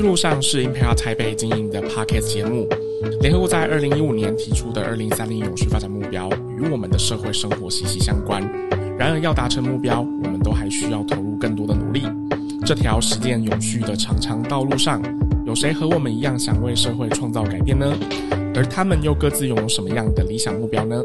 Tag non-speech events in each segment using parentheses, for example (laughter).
路上是 i m p a i r 台北經營的 Parkett 節目。聯合國在二零一五年提出的二零三零永續發展目標，與我們的社會生活息息相關。然而，要達成目標，我們都還需要投入更多的努力。這條實踐永續的長長道路上，有誰和我們一樣想為社會創造改變呢？而他們又各自擁有什麼樣的理想目標呢？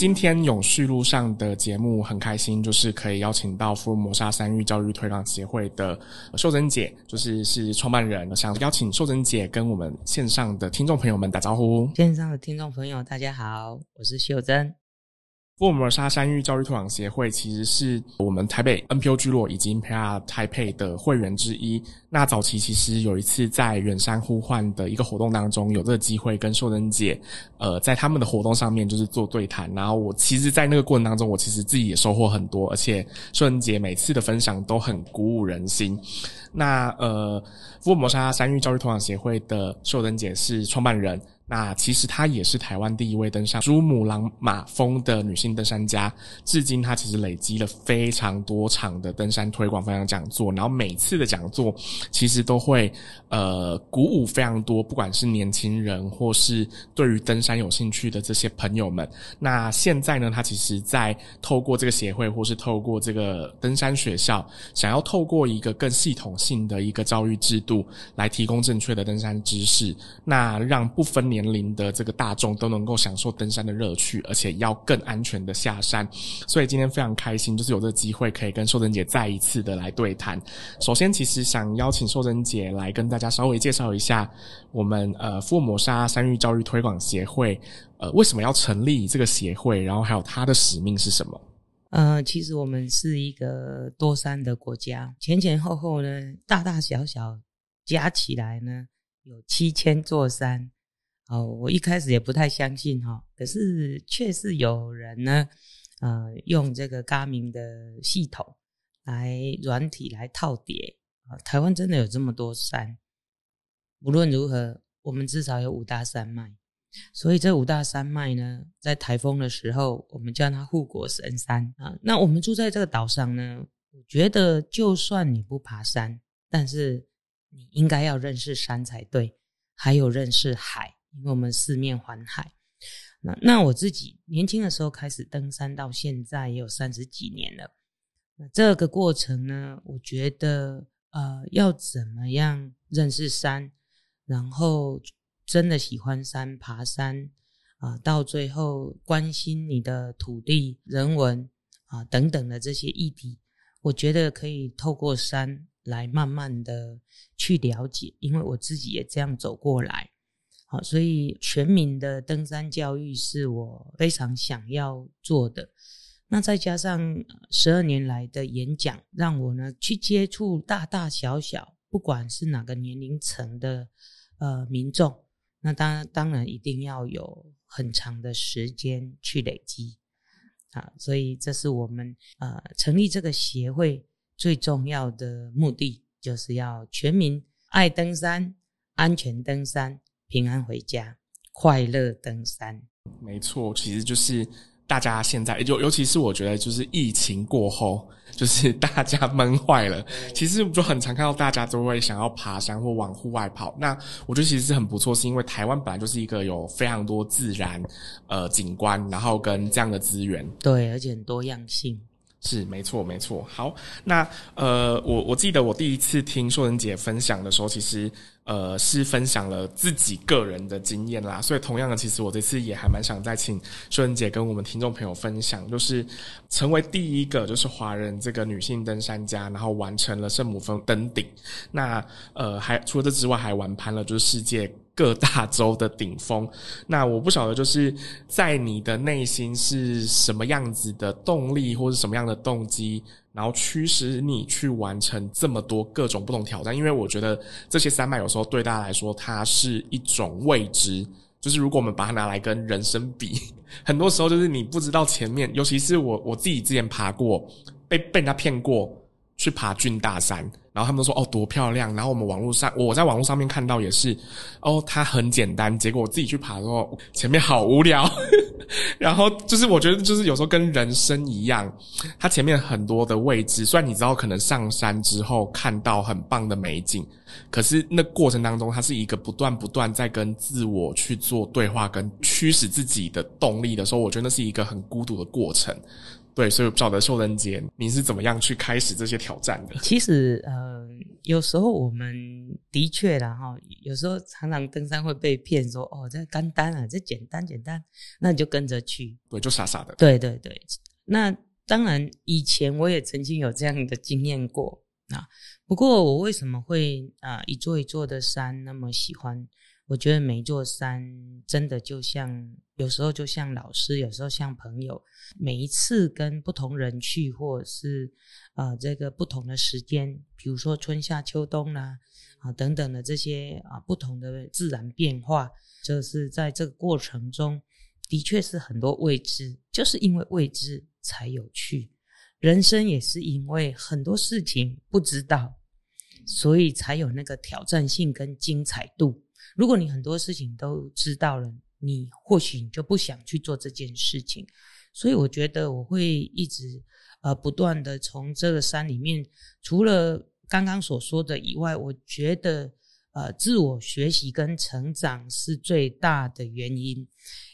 今天永續路上的節目很開心，就是可以邀請到《福爾摩莎山域教育推廣協會》的秀真姐，就是是創辦人，想邀請秀真姐跟我們線上的聽眾朋友們打招呼。線上的聽眾朋友，大家好，我是秀真。福爾摩莎山域教育推廣協會，其實是我們台北 NPO 聚落、以及、INPLA、台北的會員之一。那早期其實有一次在遠山呼喚的一個活動當中，有這個機會跟秀真姐，呃，在他們的活動上面就是做對談。然後我其實，在那個過程當中，我其實自己也收穫很多，而且秀真姐每次的分享都很鼓舞人心。那呃，福爾摩莎山域教育推廣協會的秀真姐是創辦人。那其實她也是台灣第一位登上珠穆朗瑪峰的女性登山家。至今她其實累積了非常多場的登山推廣分享講座，然後每次的講座其實都會呃鼓舞非常多，不管是年輕人或是對於登山有興趣的這些朋友們。那現在呢，她其實在透過這個協會或是透過這個登山學校，想要透過一個更系統性的一個教育制度來提供正確的登山知識，那讓不分年齡的這個大眾都能夠享受登山的樂趣，而且要更安全的下山。所以今天非常開心，就是有這個機會可以跟秀真姐再一次的來對談。首先，其實想邀請秀真姐來跟大家稍微介紹一下我們呃福爾摩莎山域教育推廣協會，呃為什麼要成立這個協會，然後還有它的使命是什麼？呃，其實我們是一個多山的國家，前前後後呢，大大小小加起來呢，有七千座山。哦，我一開始也不太相信哈、哦，可是確實有人呢，呃，用這個 g 明的系統來軟體來套疊，啊，台灣真的有這麼多山。無論如何，我們至少有五大山脈。所以這五大山脈呢，在颱風的時候，我們叫它護國神山啊。那我們住在這個島上呢，我覺得就算你不爬山，但是你應該要認識山才對，還有認識海，因為我們四面環海。那那我自己年輕的時候開始登山，到現在也有三十幾年了。那這個過程呢，我覺得呃，要怎麼樣認識山，然後，真的喜歡山，爬山啊，到最後關心你的土地、人文啊等等的這些議題，我覺得可以透過山來慢慢的去了解，因為我自己也這樣走過來，好，啊，所以全民的登山教育是我非常想要做的。那再加上十二年來的演講，讓我呢去接觸大大小小，不管是哪個年齡層的呃民眾。那當然，當然一定要有很長的時間去累積啊，所以這是我們呃成立這個協會最重要的目的，就是要全民愛登山、安全登山、平安回家、快樂登山。沒錯，其實就是。大家現在尤尤其是我覺得，就是疫情過後，就是大家悶壞了。其實我們就很常看到大家都會想要爬山或往戶外跑。那我覺得其實是很不錯，是因為台灣本來就是一個有非常多自然呃景觀，然後跟這樣的資源。對，而且很多樣性。是，沒錯，沒錯。好，那呃，我我記得我第一次聽秀真姐分享的時候，其實。呃，是分享了自己個人的經驗啦，所以同樣的，其實我這次也還蠻想再請秀真姐跟我們聽眾朋友分享，就是成為第一個就是華人這個女性登山家，然後完成了聖母峰登頂。那呃，還除了這之外，還完攀了就是世界各大洲的頂峰。那我不曉得，就是在你的內心是什麼樣子的動力，或者是什麼樣的動機，然後驅使你去完成這麼多各種不同挑戰，因為我覺得這些山脈有時候對大家來說，它是一種未知。就是如果我們把它拿來跟人生比，很多時候就是你不知道前面，尤其是我我自己之前爬過，被被人家騙過。去爬郡大山，然後他們都說哦多漂亮。然後我們網絡上，我在網絡上面看到也是，哦它很簡單。結果我自己去爬的時候，前面好無聊。呵呵然後就是我覺得，就是有時候跟人生一樣，它前面很多的未知，雖然你知道可能上山之後看到很棒的美景，可是那過程當中，它是一個不斷不斷在跟自我去做對話，跟驅使自己的動力的時候，我覺得那是一個很孤獨的過程。對，所以不曉得秀真你是怎麼樣去開始這些挑戰的？其實，呃，有時候我們的確啦，有時候常常登山會被騙說：“哦、喔，這簡單啊，這簡單簡單。”那你就跟着去，對，就傻傻的。對對對。那當然，以前我也曾經有這樣的經驗過。那、啊、不過我為什麼會啊，一座一座的山那麼喜歡？我覺得每座山真的就像有時候就像老師，有時候像朋友。每一次跟不同人去，或者是啊、呃，這個不同的時間，比如說春夏秋冬啦、啊，啊、呃、等等的這些啊、呃、不同的自然變化，就是在這個過程中，的確是很多未知，就是因為未知才有趣。人生也是因為很多事情不知道，所以才有那個挑戰性跟精彩度。如果你很多事情都知道了，你或許你就不想去做這件事情。所以我覺得我會一直呃不斷的從這個山裡面，除了剛剛所說的以外，我覺得呃自我學習跟成長是最大的原因，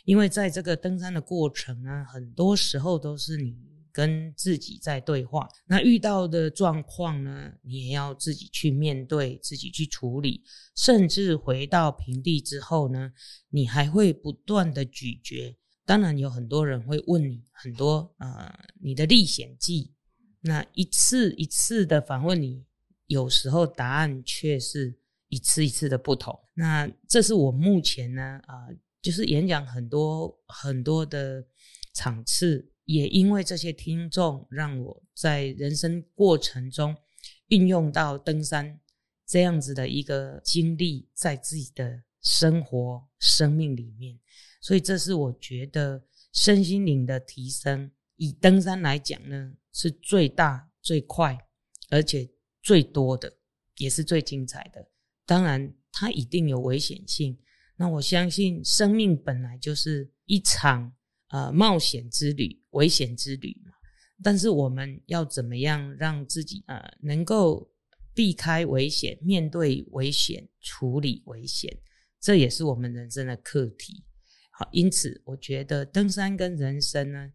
因為在這個登山的過程呢，很多時候都是你跟自己在對話，那遇到的狀況呢，你也要自己去面對，自己去處理，甚至回到平地之後呢，你還會不斷的咀嚼。當然有很多人會問你很多，呃，你的歷險記，那一次一次的訪問你，有時候答案卻是一次一次的不同。那這是我目前呢，啊、呃，就是演講很多很多的場次，也因為這些聽眾，讓我在人生過程中運用到登山這樣子的一個經歷，在自己的生活生命裡面。所以，這是我覺得身心靈的提升，以登山來講呢，是最大、最快，而且最多的，也是最精彩的。當然，它一定有危險性。那我相信，生命本來就是一場呃冒險之旅、危險之旅嘛。但是，我們要怎麼樣讓自己呃能夠避開危險、面對危險、處理危險？這也是我們人生的課題。好，因此我覺得登山跟人生呢，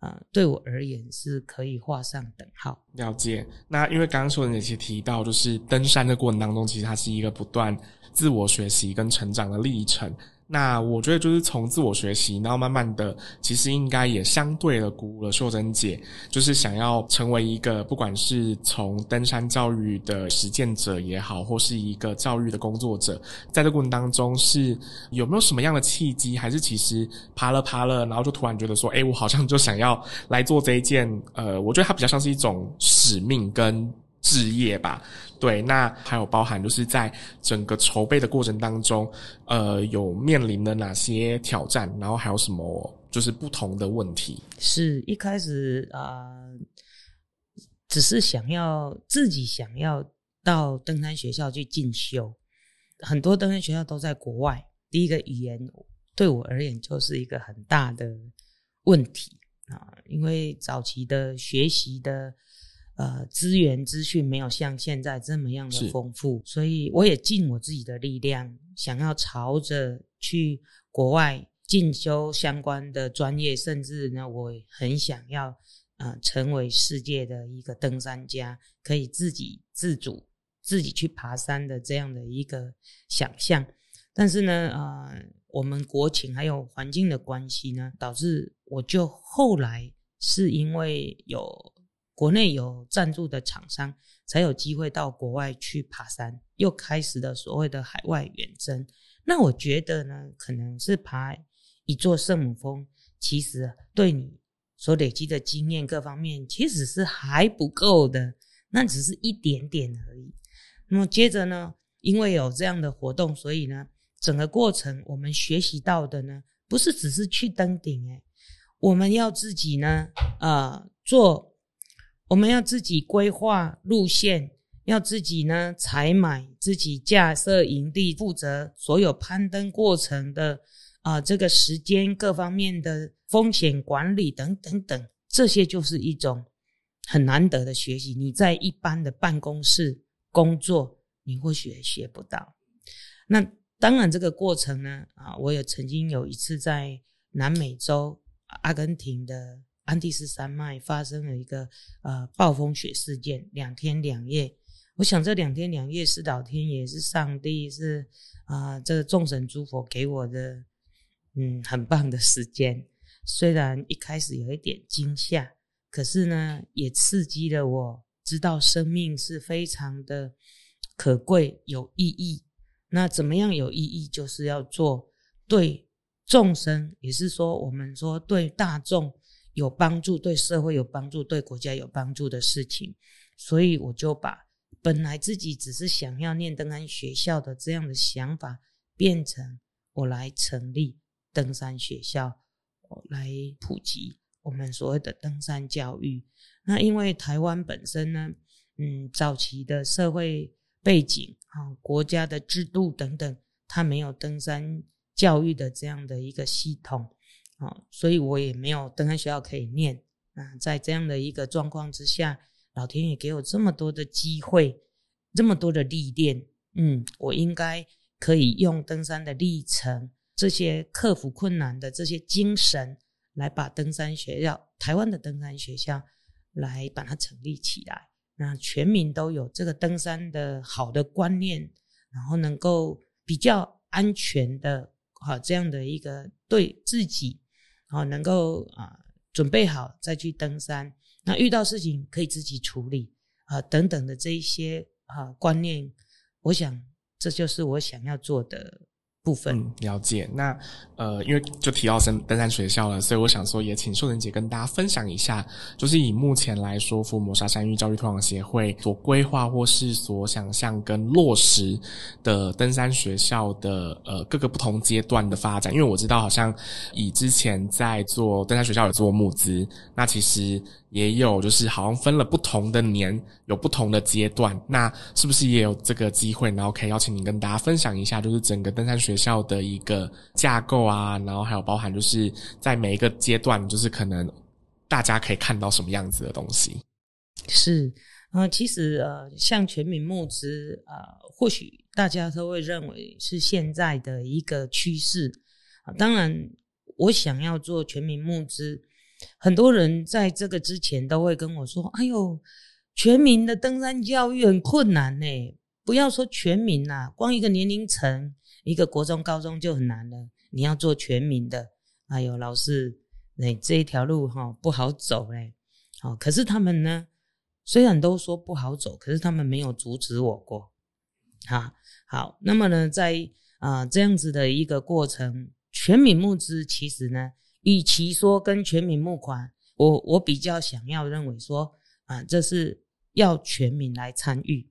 呃，對我而言是可以畫上等號。了解。那因為剛剛說的那些提到，就是登山的過程當中，其實它是一個不斷自我學習跟成長的歷程。那我覺得就是從自我學習，然後慢慢的，其實應該也相對的鼓舞了秀真姐，就是想要成為一個不管是從登山教育的實踐者也好，或是一個教育的工作者，在這過程當中是有沒有什麼樣的契機，還是其實爬了爬了，然後就突然覺得說，哎，我好像就想要來做這一件，呃，我覺得它比較像是一種使命跟。置業吧，對，那還有包含就是在整個籌備的過程當中，呃，有面臨的哪些挑戰，然後還有什麼就是不同的問題？是一開始啊、呃，只是想要自己想要到登山學校去進修，很多登山學校都在國外，第一個語言對我而言就是一個很大的問題啊，因為早期的學習的。呃，資源資訊沒有像現在這麼樣的豐富，所以我也盡我自己的力量，想要朝着去國外進修相關的專業，甚至呢，我很想要，呃，成為世界的一個登山家，可以自己自主，自己去爬山的這樣的一個想象。但是呢，呃，我們國情還有環境的關係呢，導致我就後來是因為有。國內有贊助的廠商才有機會到國外去爬山，又開始了所謂的海外遠征。那我覺得呢，可能是爬一座聖母峰，其實對你所累積的經驗各方面，其實是還不夠的，那只是一點點而已。那麼接着呢，因為有這樣的活動，所以呢，整個過程我們學習到的呢，不是只是去登頂哎，我們要自己呢，呃，做。我們要自己規劃路線，要自己呢採買、自己架設營地，負責所有攀登過程的啊、呃，這個時間各方面的風險管理等等等，這些就是一種很難得的學習。你在一般的辦公室工作，你或許也學不到。那當然，這個過程呢，啊，我也曾經有一次在南美洲阿根廷的。安第斯山脈發生了一個呃暴風雪事件，兩天兩夜。我想這兩天兩夜是老天爺，也是上帝，是啊、呃，這個眾神諸佛給我的嗯很棒的時間。雖然一開始有一點驚嚇，可是呢，也刺激了我知道生命是非常的可貴，有意義。那怎麼樣有意義？就是要做對眾生，也是說我們說對大眾。有幫助，對社會有幫助，對國家有幫助的事情，所以我就把本來自己只是想要念登山學校的這樣的想法，變成我來成立登山學校，來普及我們所謂的登山教育。那因為台灣本身呢，嗯，早期的社會背景，啊，國家的制度等等，它沒有登山教育的這樣的一個系統。哦，所以我也沒有登山學校可以念。那在這樣的一個狀況之下，老天也給我這麼多的機會，這麼多的歷練。嗯，我應該可以用登山的歷程，這些克服困難的這些精神，來把登山學校，台灣的登山學校，來把它成立起來。那全民都有這個登山的好的觀念，然後能夠比較安全的，好、哦、這樣的一個對自己。哦，能夠啊，準備好再去登山，那遇到事情可以自己處理，啊，等等的這一些啊觀念，我想這就是我想要做的。部分，嗯、了解，那呃，因為就提到登登山學校了，所以我想說，也請秀真姐跟大家分享一下，就是以目前來說，福摩沙山域教育推廣協會所規劃或是所想象跟落實的登山學校的呃各個不同階段的發展。因為我知道，好像以之前在做登山學校有做募資，那其實。也有，就是好像分了不同的年，有不同的階段。那是不是也有這個機會？然後可以邀請你跟大家分享一下，就是整個登山學校的一個架構啊，然後還有包含就是在每一個階段，就是可能大家可以看到什麼樣子的東西。是，嗯，呃，其實呃，像全民募資啊，呃，或許大家都會認為是現在的一個趨勢。當然，我想要做全民募資。很多人在這個之前都會跟我說：“哎呦，全民的登山教育很困難呢、欸。不要說全民啦、啊，光一個年齡層，一個國中、高中就很難了。你要做全民的，哎呦，老師，哎、欸、這一條路哈、哦、不好走嘞、欸。好、哦，可是他們呢，雖然都說不好走，可是他們沒有阻止我過。哈、啊，好，那麼呢，在啊、呃、這樣子的一個過程，全民募資其實呢。”與其說跟全民募款，我我比較想要認為說，啊，這是要全民來參與。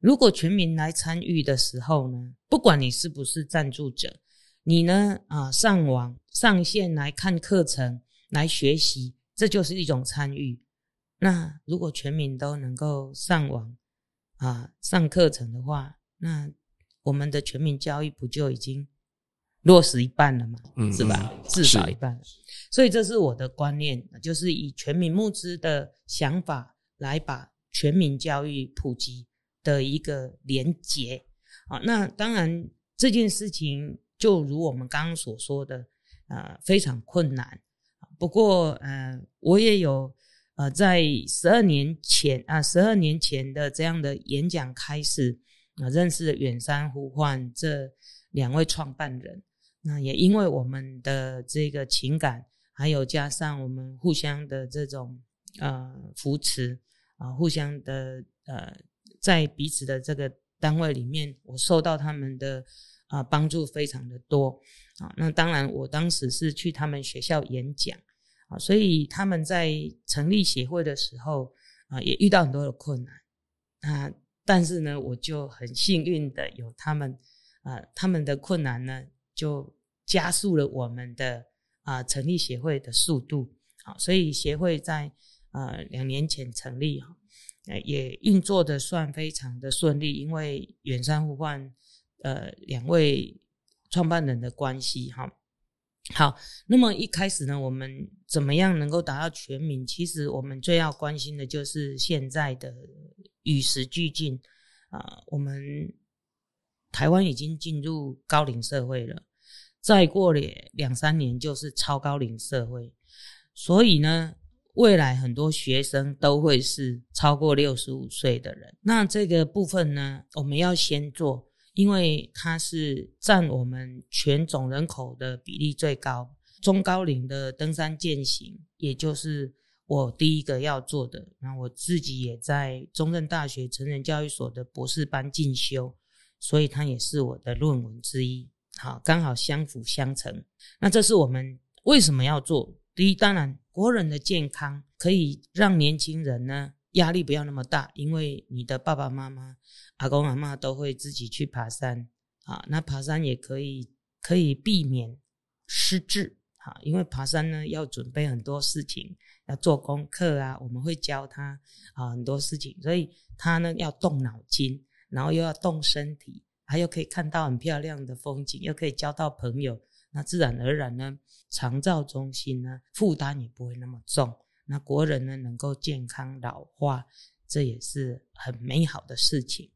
如果全民來參與的時候呢，不管你是不是贊助者，你呢，啊，上網上線來看課程來學習，這就是一種參與。那如果全民都能夠上網啊上課程的話，那我們的全民教育不就已經？落實一半了嘛，嗯，是吧？至少一半。所以這是我的觀念，就是以全民募資的想法來把全民教育普及的一個連結。啊，那當然這件事情就如我們剛剛所說的，啊，非常困難。不過，呃、啊，我也有呃、啊，在十二年前啊，十二年前的這樣的演講開始啊，認識了遠山呼喚這兩位創辦人。那也因為我們的這個情感，還有加上我們互相的這種呃扶持啊，互相的呃，在彼此的這個單位裡面，我受到他們的啊幫助非常的多啊。那當然我當時是去他們學校演講啊，所以他們在成立協會的時候啊，也遇到很多的困難啊。那但是呢，我就很幸運的有他們啊，他們的困難呢，就加速了我們的啊、呃、成立協會的速度，啊，所以協會在啊兩、呃、年前成立，也運作的算非常的順利，因為遠山互換呃兩位創辦人的關係哈好，好，那麼一開始呢，我們怎麼樣能夠達到全民？其實我們最要關心的就是現在的與時俱進啊、呃，我們台灣已經進入高齡社會了。再過兩三年，就是超高齡社會，所以呢，未來很多學生都會是超過六十五歲的人。那這個部分呢，我們要先做，因為它是占我們全總人口的比例最高。中高齡的登山健行，也就是我第一個要做的。那我自己也在中正大學成人教育所的博士班進修，所以它也是我的論文之一。好，剛好相輔相成，那這是我們為什麼要做？第一，當然，國人的健康可以讓年輕人呢壓力不要那麼大，因為你的爸爸媽媽、阿公阿媽，都會自己去爬山啊。那爬山也可以，可以避免失智，啊。因為爬山呢要準備很多事情，要做功課啊。我們會教他啊很多事情，所以他呢要動腦筋，然後又要動身體。還有可以看到很漂亮的風景，又可以交到朋友，那自然而然呢，長照中心呢負擔也不會那麼重，那國人呢能夠健康老化，這也是很美好的事情。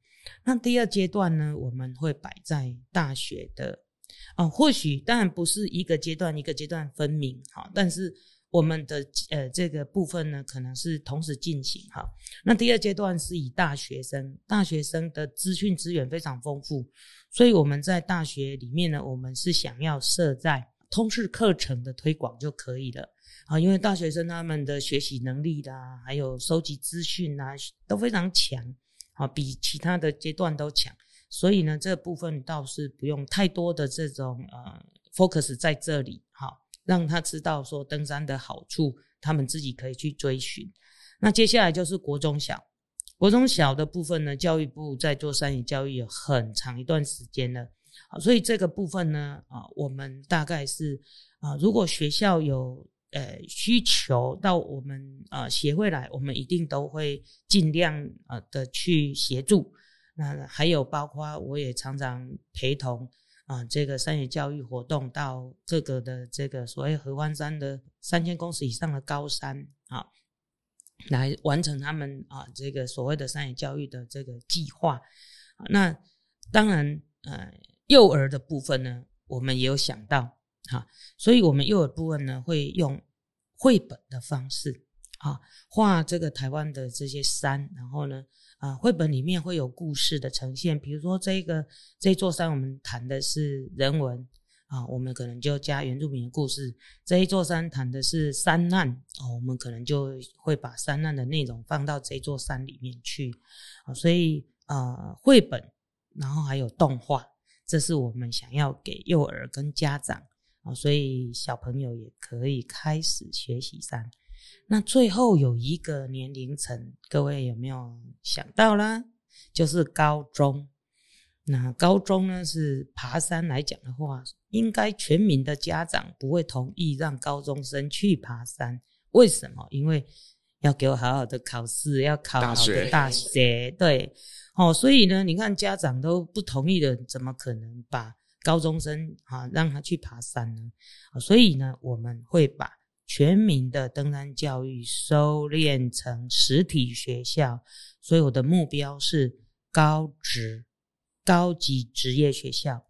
那第二階段呢，我們會擺在大學的，啊、哦，或許當然不是一個階段一個階段分明，但是。我們的呃這個部分呢，可能是同時進行哈。那第二階段是以大學生，大學生的資訊資源非常豐富，所以我們在大學裡面呢，我們是想要設在通識課程的推廣就可以了啊。因為大學生他們的學習能力啦，還有收集資訊吶，都非常強啊，比其他的階段都強。所以呢，這個部分倒是不用太多的這種呃 focus 在這裡哈。好讓他知道說登山的好處，他們自己可以去追尋。那接下來就是國中小，國中小的部分呢，教育部在做山野教育有很長一段時間了，所以這個部分呢，啊，我們大概是啊，如果學校有呃需求到我們啊協會來，我們一定都會盡量啊的去協助。那還有包括我也常常陪同。啊，這個山野教育活動到這個的這個所謂合歡山的三千公尺以上的高山啊，來完成他們啊這個所謂的山野教育的這個計劃。那當然，呃，幼兒的部分呢，我們也有想到哈、啊，所以我們幼兒部分呢會用繪本的方式，啊，畫這個台灣的這些山，然後呢，啊、呃，繪本裡面會有故事的呈現。比如說這個這座山，我們談的是人文啊、呃，我們可能就加原住民的故事；這一座山談的是山難哦、呃，我們可能就會把山難的內容放到這座山裡面去。所以啊，呃、繪本，然後還有動畫，這是我們想要給幼兒跟家長啊、呃，所以小朋友也可以開始學習山。那最後有一個年齡層，各位有沒有想到啦？就是高中。那高中呢，是爬山來講的話，應該全民的家長不會同意讓高中生去爬山。為什麼？因為要給我好好的考試，要考好的大學，大學對。哦，所以呢，你看家長都不同意的，怎麼可能把高中生啊讓他去爬山呢？哦，所以呢，我們會把。全民的登山教育收斂成實體學校，所以我的目標是高職、高級職業學校，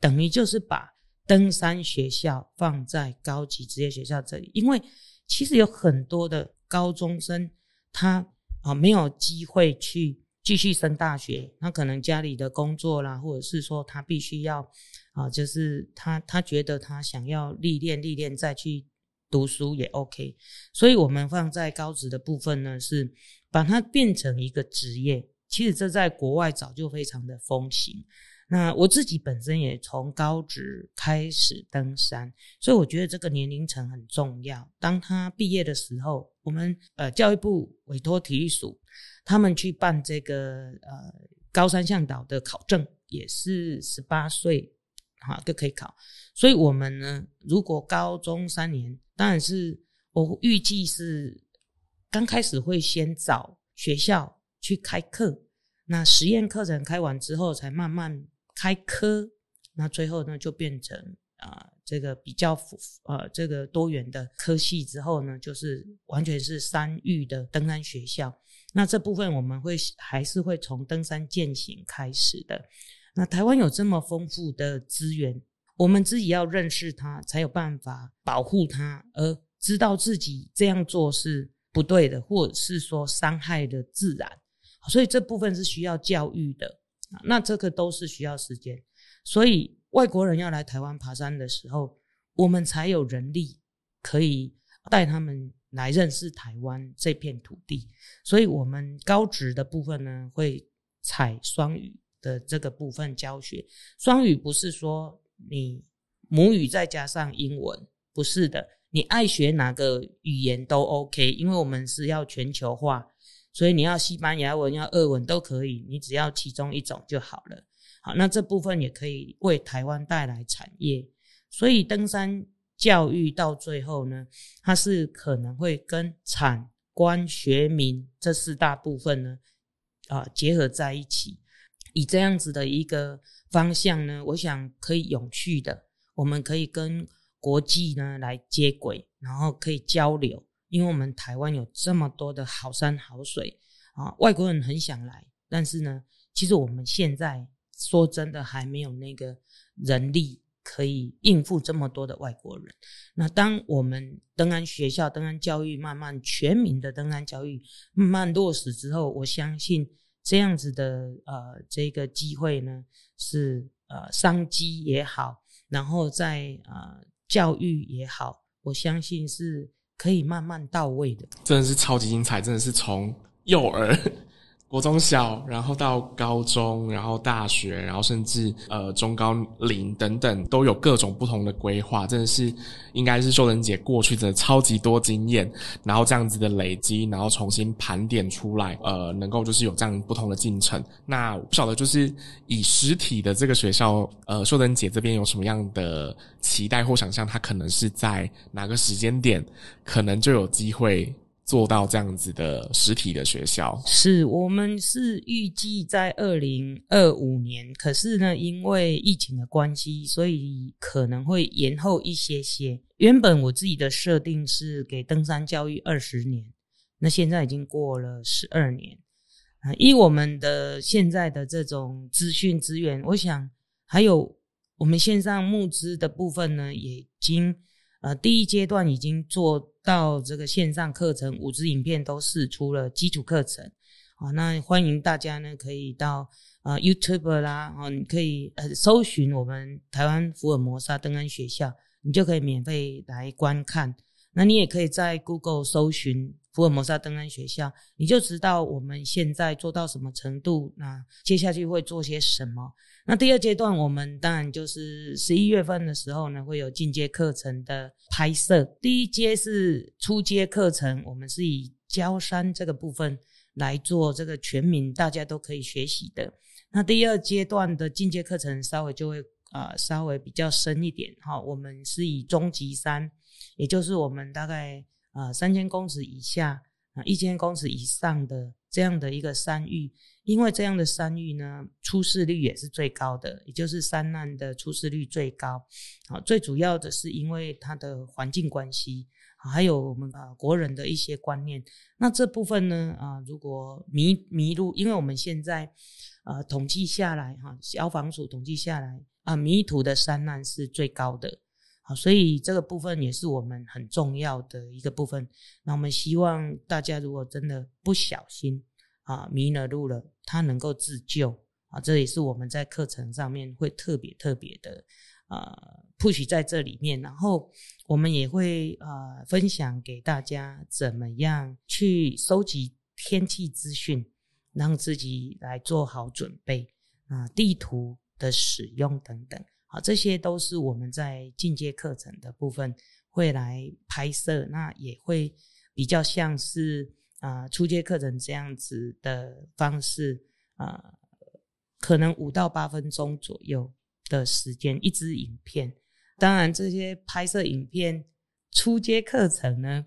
等於就是把登山學校放在高級職業學校這裡。因為其實有很多的高中生他，他啊沒有機會去繼續升大學，他可能家裡的工作啦，或者是說他必須要啊，就是他他覺得他想要歷練歷練再去。讀書也 OK，所以我們放在高職的部分呢，是把它變成一個職業。其實這在國外早就非常的風行。那我自己本身也從高職開始登山，所以我覺得這個年齡層很重要。當他畢業的時候，我們呃教育部委托體育署，他們去辦這個呃高山向導的考證，也是十八歲哈就可以考。所以我們呢，如果高中三年，當然是，我預計是剛開始會先找學校去開課，那實驗課程開完之後，才慢慢開科，那最後呢就變成啊、呃、這個比較呃這個多元的科系之後呢，就是完全是山域的登山學校。那這部分我們會還是會從登山健行開始的。那台灣有這麼豐富的資源。我們自己要認識它，才有辦法保護它，而知道自己這樣做是不對的，或者是說傷害了自然，所以這部分是需要教育的。那這個都是需要時間，所以外國人要來台灣爬山的時候，我們才有人力可以帶他們來認識台灣這片土地。所以我們高職的部分呢，會採雙語的這個部分教學。雙語不是說。你母語再加上英文，不是的，你愛學哪個語言都 OK，因為我們是要全球化，所以你要西班牙文、要俄文都可以，你只要其中一種就好了。好，那這部分也可以為台灣帶來產業。所以登山教育到最後呢，它是可能會跟產官學民這四大部分呢，啊，結合在一起，以這樣子的一個。方向呢，我想可以永續的，我們可以跟國際呢來接軌，然後可以交流，因為我們台灣有這麼多的好山好水啊，外國人很想來，但是呢，其實我們現在說真的還沒有那個人力可以應付這麼多的外國人。那當我們登山學校、登山教育慢慢全民的登山教育慢慢落實之後，我相信這樣子的呃這個機會呢，是呃，商機也好，然後在呃，教育也好，我相信是可以慢慢到位的。真的是超級精彩，真的是從幼兒。 (laughs) 國中小，然後到高中，然後大學，然後甚至呃中高齡等等，都有各種不同的規劃，真的是應該是秀真姐過去的超級多經驗，然後這樣子的累積，然後重新盤點出來，呃，能夠就是有這樣不同的進程。那我不曉得就是以實體的這個學校，呃，秀真姐這邊有什麼樣的期待或想象？她可能是在哪個時間點，可能就有機會？做到這樣子的實體的學校，是我們是預計在二零二五年，可是呢，因為疫情的關係，所以可能會延後一些些。原本我自己的設定是給登山教育二十年，那現在已經過了十二年。以我們的現在的這種資訊資源，我想還有我們線上募資的部分呢，也已經，呃，第一階段已經做。到這個線上課程，五支影片都釋出了基礎課程啊，那歡迎大家呢可以到啊 YouTube 啦，你可以呃搜尋我們台灣福爾摩莎登山學校，你就可以免費來觀看。那你也可以在 Google 搜尋。福爾摩薩登山學校，你就知道我們現在做到什麼程度，那、啊、接下去會做些什麼。那第二階段，我們當然就是十一月份的時候呢，會有進階課程的拍攝。第一階是初階課程，我們是以郊山這個部分來做這個全民大家都可以學習的。那第二階段的進階課程稍微就會啊、呃、稍微比較深一點哈，我們是以中級山，也就是我們大概。啊，三千公尺以下啊，一千公尺以上的這樣的一個山域，因為這樣的山域呢，出事率也是最高的，也就是山難的出事率最高。啊，最主要的是因為它的環境關係，啊，還有我們啊國人的一些觀念。那這部分呢，啊，如果迷迷路，因為我們現在啊統計下來哈，啊，消防署統計下來啊，迷途的山難是最高的。所以這個部分也是我們很重要的一個部分。那我們希望大家如果真的不小心啊迷了路了，他能夠自救啊，這也是我們在課程上面會特別特別的呃 push 在這裡面。然後我們也會呃分享給大家怎麼樣去收集天氣資訊，讓自己來做好準備啊，呃，地圖的使用等等。好，這些都是我們在進階課程的部分會來拍攝，那也會比較像是啊、呃、初階課程這樣子的方式，呃，可能五到八分鐘左右的時間一支影片。當然，這些拍攝影片初階課程呢，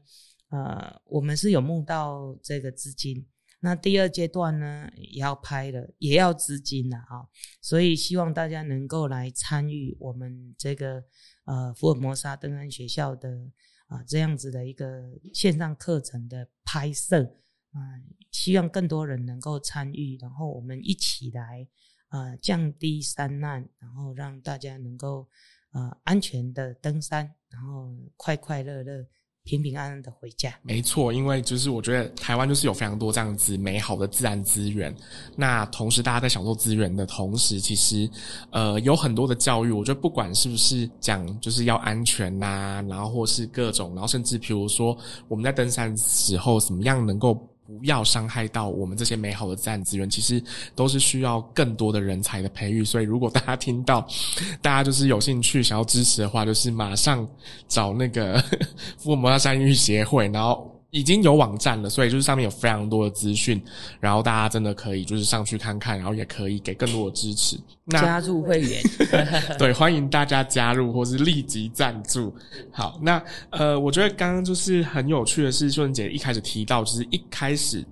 呃，我們是有募到這個資金。那第二階段呢，也要拍了，也要資金了啊、哦，所以希望大家能夠來參與我們這個呃福爾摩莎登山學校的啊、呃、這樣子的一個線上課程的拍攝啊、呃，希望更多人能夠參與，然後我們一起來啊、呃、降低山難，然後讓大家能夠呃安全的登山，然後快快樂樂。平平安安的回家。沒錯，因為就是我覺得台灣就是有非常多這樣子美好的自然資源。那同時，大家在享受資源的同時，其實呃有很多的教育。我覺得不管是不是講就是要安全吶、啊，然後或是各種，然後甚至譬如說我們在登山時候怎麼樣能夠。不要傷害到我們這些美好的自然資源，其實都是需要更多的人才的培育。所以，如果大家聽到，大家就是有興趣想要支持的話，就是馬上找那個福爾摩莎山域協會，然後，已經有網站了，所以就是上面有非常多的資訊，然後大家真的可以就是上去看看，然後也可以給更多的支持，那加入會員。 (laughs) 對，歡迎大家加入，或是立即贊助。好，那呃，我覺得剛剛就是很有趣的是，秀真姐一開始提到，其實一開始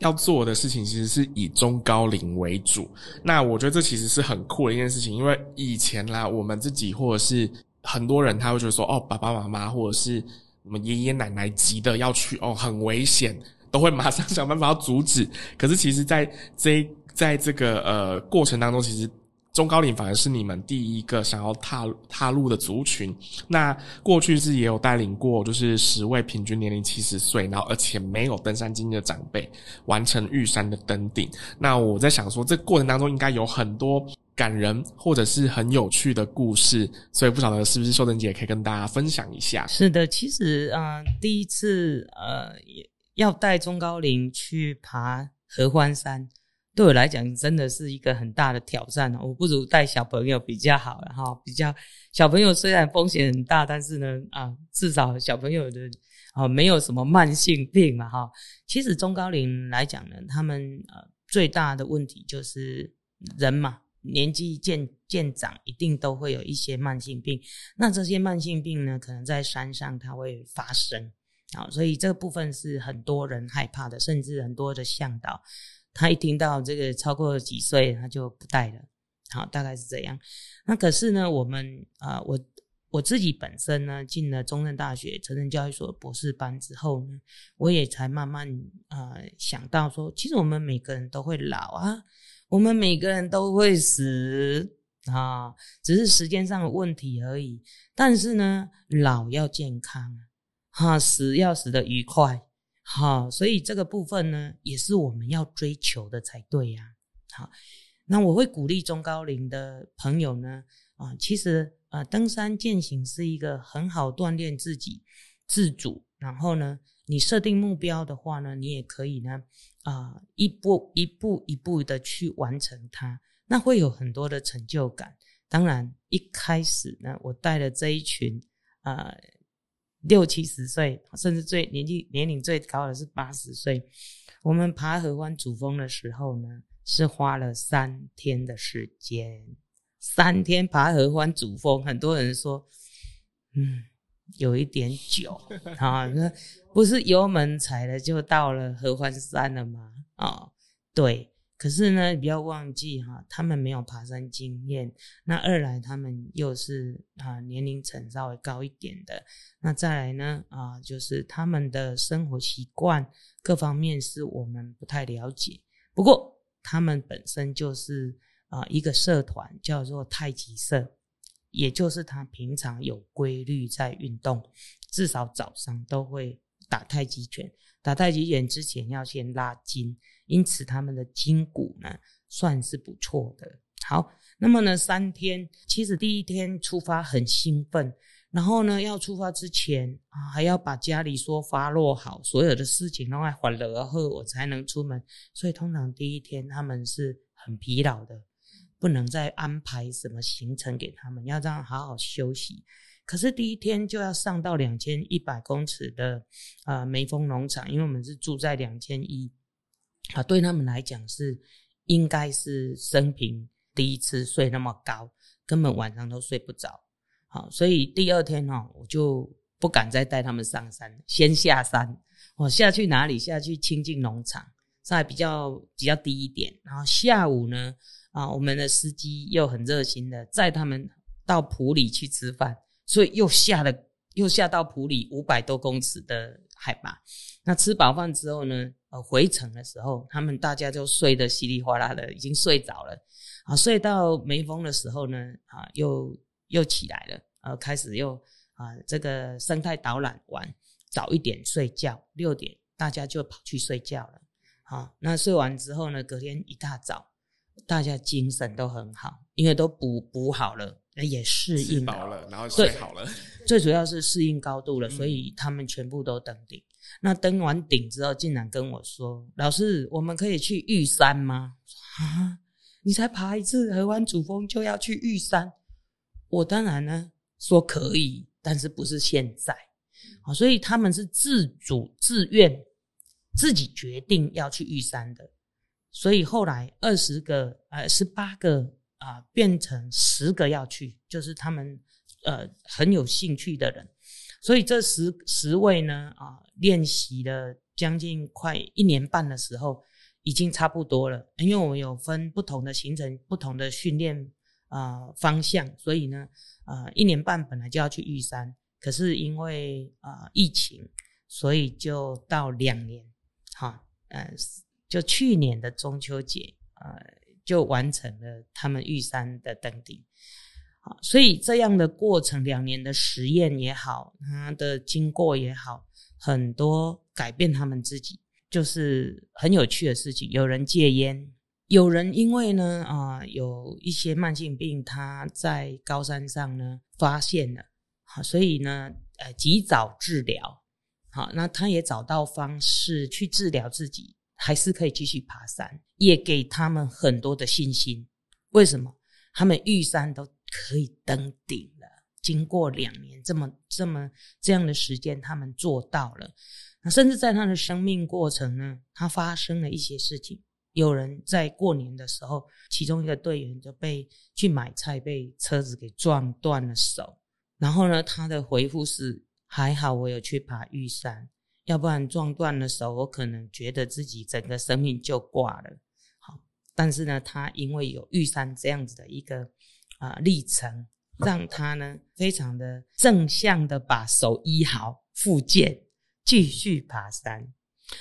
要做的事情其實是以中高齡為主。那我覺得這其實是很酷的一件事情，因為以前啦，我們自己或者是很多人，他會覺得說，哦，爸爸媽媽或者是。我們爺爺奶奶急得要去哦，很危險，都會馬上想辦法要阻止。可是其實在這，在這在這個呃過程當中，其實中高齡反而是你們第一個想要踏踏入的族群。那過去是也有帶領過，就是十位平均年齡七十歲，然後而且沒有登山經驗的長輩，完成玉山的登頂。那我在想說，這個、過程當中應該有很多。感人或者是很有趣的故事，所以不曉得是不是秀真姐,姐可以跟大家分享一下？是的，其實呃，第一次呃，要帶中高齡去爬合歡山，對我來講真的是一個很大的挑戰，我不如帶小朋友比較好，然、哦、後比較小朋友雖然風險很大，但是呢，啊、呃，至少小朋友的啊、哦、沒有什麼慢性病嘛，哈、哦。其實中高齡來講呢，他們呃最大的問題就是人嘛。年紀漸漸長，一定都會有一些慢性病。那這些慢性病呢，可能在山上它會發生，好，所以這個部分是很多人害怕的，甚至很多的向導，他一聽到這個超過幾歲，他就不帶了。好，大概是這樣。那可是呢，我們啊，呃，我我自己本身呢，進了中正大學成人教育所博士班之後呢，我也才慢慢啊，呃，想到說，其實我們每個人都會老啊。我們每個人都會死啊，只是時間上的問題而已。但是呢，老要健康，哈、啊，死要死得愉快，好、啊，所以這個部分呢，也是我們要追求的才對呀、啊。好，那我會鼓勵中高齡的朋友呢，啊，其實啊，登山健行是一個很好鍛鍊自己、自主，然後呢，你設定目標的話呢，你也可以呢。啊、呃，一步一步一步的去完成它，那會有很多的成就感。當然，一開始呢，我帶了這一群，呃，六七十歲，甚至最年紀年齡最高的是八十歲，我們爬合歡主峰的時候呢，是花了三天的時間，三天爬合歡主峰，很多人說，嗯。有一點久啊，那不是油門踩了就到了合歡山了嗎？啊，對。可是呢，不要忘記哈，啊，他們沒有爬山經驗。那二來，他們又是啊年齡層稍微高一點的。那再來呢啊，就是他們的生活習慣各方面是我們不太了解。不過他們本身就是啊一個社團，叫做太極社。也就是他平常有規律在運動，至少早上都會打太極拳。打太極拳之前要先拉筋，因此他們的筋骨呢算是不錯的。好，那麼呢三天，其實第一天出發很興奮，然後呢要出發之前啊還要把家裡說發落好，所有的事情弄來緩了，然後我才能出門。所以通常第一天他們是很疲勞的。不能再安排什麼行程給他們，要這樣好好休息。可是第一天就要上到兩千一百公尺的呃梅峰農場，因為我們是住在兩千一啊，對他們來講是應該是生平第一次睡那麼高，根本晚上都睡不着。好、哦，所以第二天、哦、我就不敢再帶他們上山，先下山。我、哦、下去哪裡？下去清境農場，上來比較比較低一點。然後下午呢？啊，我們的司機又很熱心的載他們到埔里去吃飯，所以又下了，又下到埔里五百多公尺的海拔。那吃飽飯之後呢，呃、啊，回程的時候，他們大家就睡得稀里嘩啦的，已經睡着了。啊，睡到梅峰的時候呢，啊，又又起來了，呃、啊，開始又啊，這個生態導覽完，早一點睡覺，六點大家就跑去睡覺了。啊，那睡完之後呢，隔天一大早。大家精神都很好，因為都補補好了，也適應了，吃飽了，然後睡好了。最主要是適應高度了，嗯，所以他們全部都登頂。那登完頂之後，竟然跟我說：“嗯、老師，我們可以去玉山嗎？”啊，你才爬一次合歡主峰就要去玉山？我當然呢，說可以，但是不是現在？啊，所以他們是自主自願、自己決定要去玉山的。所以後來二十個，呃，十八個啊、呃，變成十個要去，就是他們呃很有興趣的人。所以這十十位呢，啊、呃，練習了將近快一年半的時候，已經差不多了。因為我們有分不同的行程、不同的訓練啊、呃、方向，所以呢，啊、呃，一年半本來就要去玉山，可是因為啊、呃、疫情，所以就到兩年，哈，呃。就去年的中秋節，呃，就完成了他們玉山的登頂。啊，所以這樣的過程，兩年的實驗也好，他的經過也好，很多改變他們自己，就是很有趣的事情。有人戒煙，有人因為呢，啊、呃，有一些慢性病，他在高山上呢發現了，好，所以呢，呃，及早治療。好、哦，那他也找到方式去治療自己。還是可以繼續爬山，也給他們很多的信心。為什麼他們玉山都可以登頂了？經過兩年這麼這麼這樣的時間，他們做到了。那甚至在他的生命過程呢，他發生了一些事情。有人在過年的時候，其中一個隊員就被去買菜被車子給撞斷了手。然後呢，他的回復是：還好我有去爬玉山。要不然撞斷的時候，我可能覺得自己整個生命就掛了。好，但是呢，他因為有玉山這樣子的一個啊、呃、歷程，讓他呢非常的正向的把手醫好、復健，繼續爬山。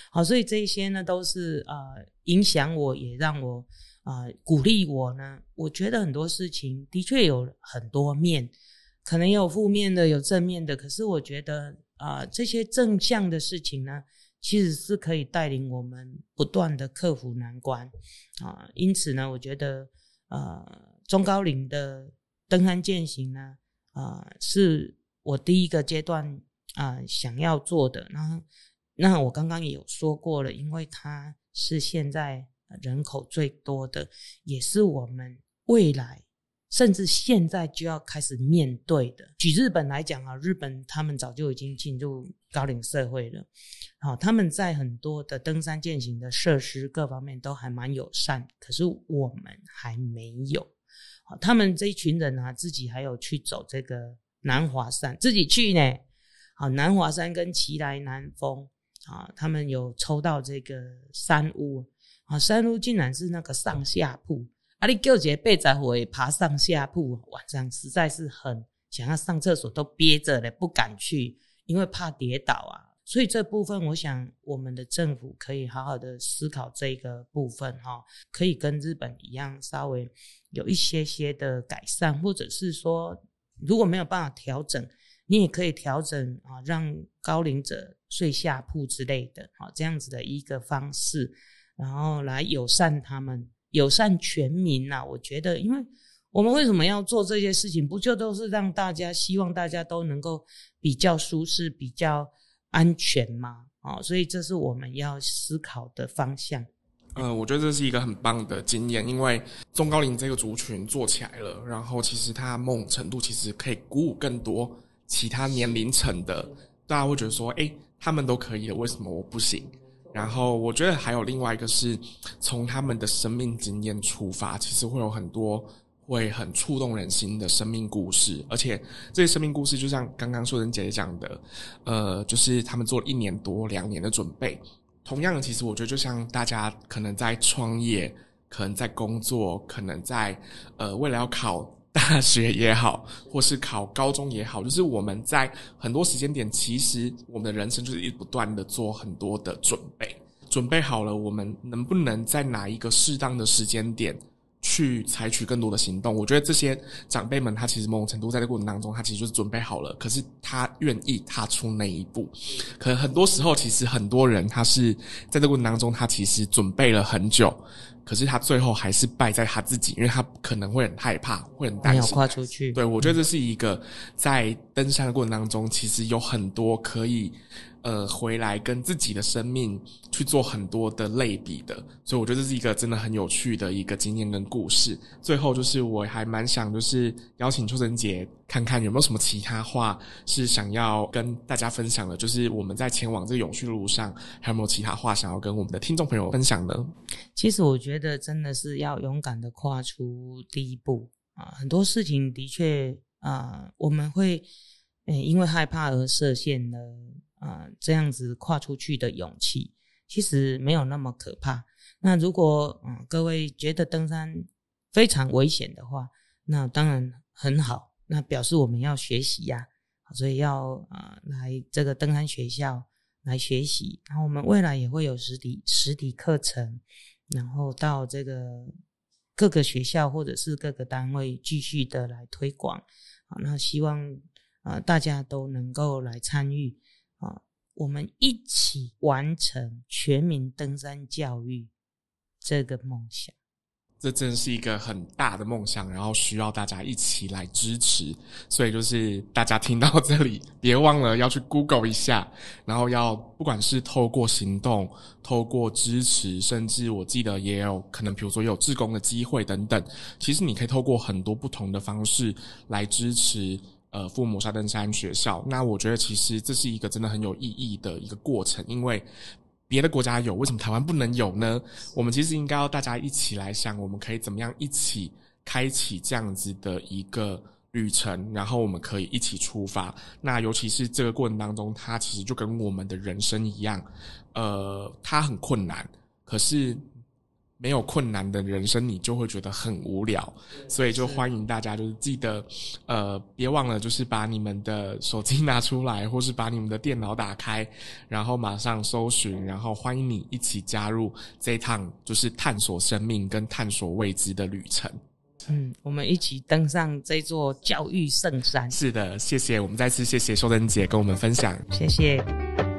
好，所以這些呢都是啊、呃、影響我，也讓我啊、呃、鼓勵我呢。我覺得很多事情的確有很多面，可能有負面的，有正面的。可是我覺得。啊、呃，這些正向的事情呢，其實是可以帶領我們不斷的克服難關啊、呃。因此呢，我覺得，呃，中高齡的登山健行呢，呃，是我第一個階段啊、呃、想要做的。那那我剛剛也有說過了，因為它是現在人口最多的，也是我們未來。甚至現在就要開始面對的，舉日本來講啊，日本他們早就已經進入高齡社會了，好，他們在很多的登山健行的設施各方面都還蠻友善，可是我們還沒有。他們這一群人呢、啊，自己還有去走這個南華山，自己去呢。好，南華山跟奇萊南峰啊，他們有抽到這個山屋，啊，山屋竟然是那個上下鋪。嗯啊，你叫一個八十歲爬上下鋪，晚上實在是很想要上廁所，都憋着了，不敢去，因為怕跌倒啊。所以這部分，我想我們的政府可以好好的思考這個部分哈，可以跟日本一樣稍微有一些些的改善，或者是說如果沒有辦法調整，你也可以調整啊，讓高齡者睡下鋪之類的，好，這樣子的一個方式，然後來友善他們。友善全民吶、啊，我覺得，因為我們為什麼要做這些事情，不就都是讓大家希望大家都能夠比較舒適、比較安全嗎？啊、哦，所以這是我們要思考的方向。嗯、呃，我覺得這是一個很棒的經驗，因為中高齡這個族群做起來了，然後其實他某種程度其實可以鼓舞更多其他年齡層的，大家會覺得說，哎，他們都可以了，為什麼我不行？然後我覺得還有另外一個是從他們的生命經驗出發，其實會有很多會很觸動人心的生命故事，而且這些生命故事就像剛剛秀真姐姐講的，呃，就是他們做了一年多兩年的準備。同樣的，其實我覺得就像大家可能在創業，可能在工作，可能在呃，未來要考。大學也好，或是考高中也好，就是我們在很多時間點，其實我們的人生就是一直不斷的做很多的準備，準備好了，我們能不能在哪一個適當的時間點，去採取更多的行動，我覺得這些長輩們，他其實某種程度在這過程當中，他其實就是準備好了，可是他願意踏出那一步。可很多時候，其實很多人他是在這個過程當中，他其實準備了很久，可是他最後還是敗在他自己，因為他可能會很害怕，會很擔心很跨出去。對，我覺得這是一個在登山的過程當中，其實有很多可以。呃，回來跟自己的生命去做很多的類比的，所以我覺得這是一個真的很有趣的一個經驗跟故事。最後就是，我還蠻想就是邀請秀真姐看看有沒有什麼其他話是想要跟大家分享的。就是我們在前往這永續路上，還有沒有其他話想要跟我們的聽眾朋友分享呢？其實我覺得真的是要勇敢的跨出第一步啊！很多事情的確啊，我們會、欸、因為害怕而設限呢。啊，這樣子跨出去的勇氣其實沒有那麼可怕。那如果、嗯、各位覺得登山非常危險的話，那當然很好，那表示我們要學習呀、啊，所以要啊、呃、來這個登山學校來學習。然後我們未來也會有實體實體課程，然後到這個各個學校或者是各個單位繼續的來推廣。啊，那希望啊、呃、大家都能夠來參與。啊、哦，我們一起完成全民登山教育這個夢想。這真是一個很大的夢想，然後需要大家一起來支持。所以，就是大家聽到這裡，別忘了要去 Google 一下，然後要不管是透過行動、透過支持，甚至我記得也有可能，比如說有志工的機會等等，其實你可以透過很多不同的方式來支持。呃，福爾摩莎登山學校，那我覺得其實這是一個真的很有意義的一個過程，因為別的國家有，為什麼台灣不能有呢？我們其實應該要大家一起來想，我們可以怎麼樣一起開啟這樣子的一個旅程，然後我們可以一起出發。那尤其是這個過程當中，它其實就跟我們的人生一樣，呃，它很困難，可是。沒有困難的人生，你就會覺得很無聊，所以就歡迎大家，就是記得是，呃，別忘了，就是把你們的手機拿出來，或是把你們的電腦打開，然後馬上搜尋，然後歡迎你一起加入這一趟，就是探索生命跟探索未知的旅程。嗯，我們一起登上這座教育聖山。是的，謝謝，我們再次謝謝秀真姐跟我們分享，謝謝。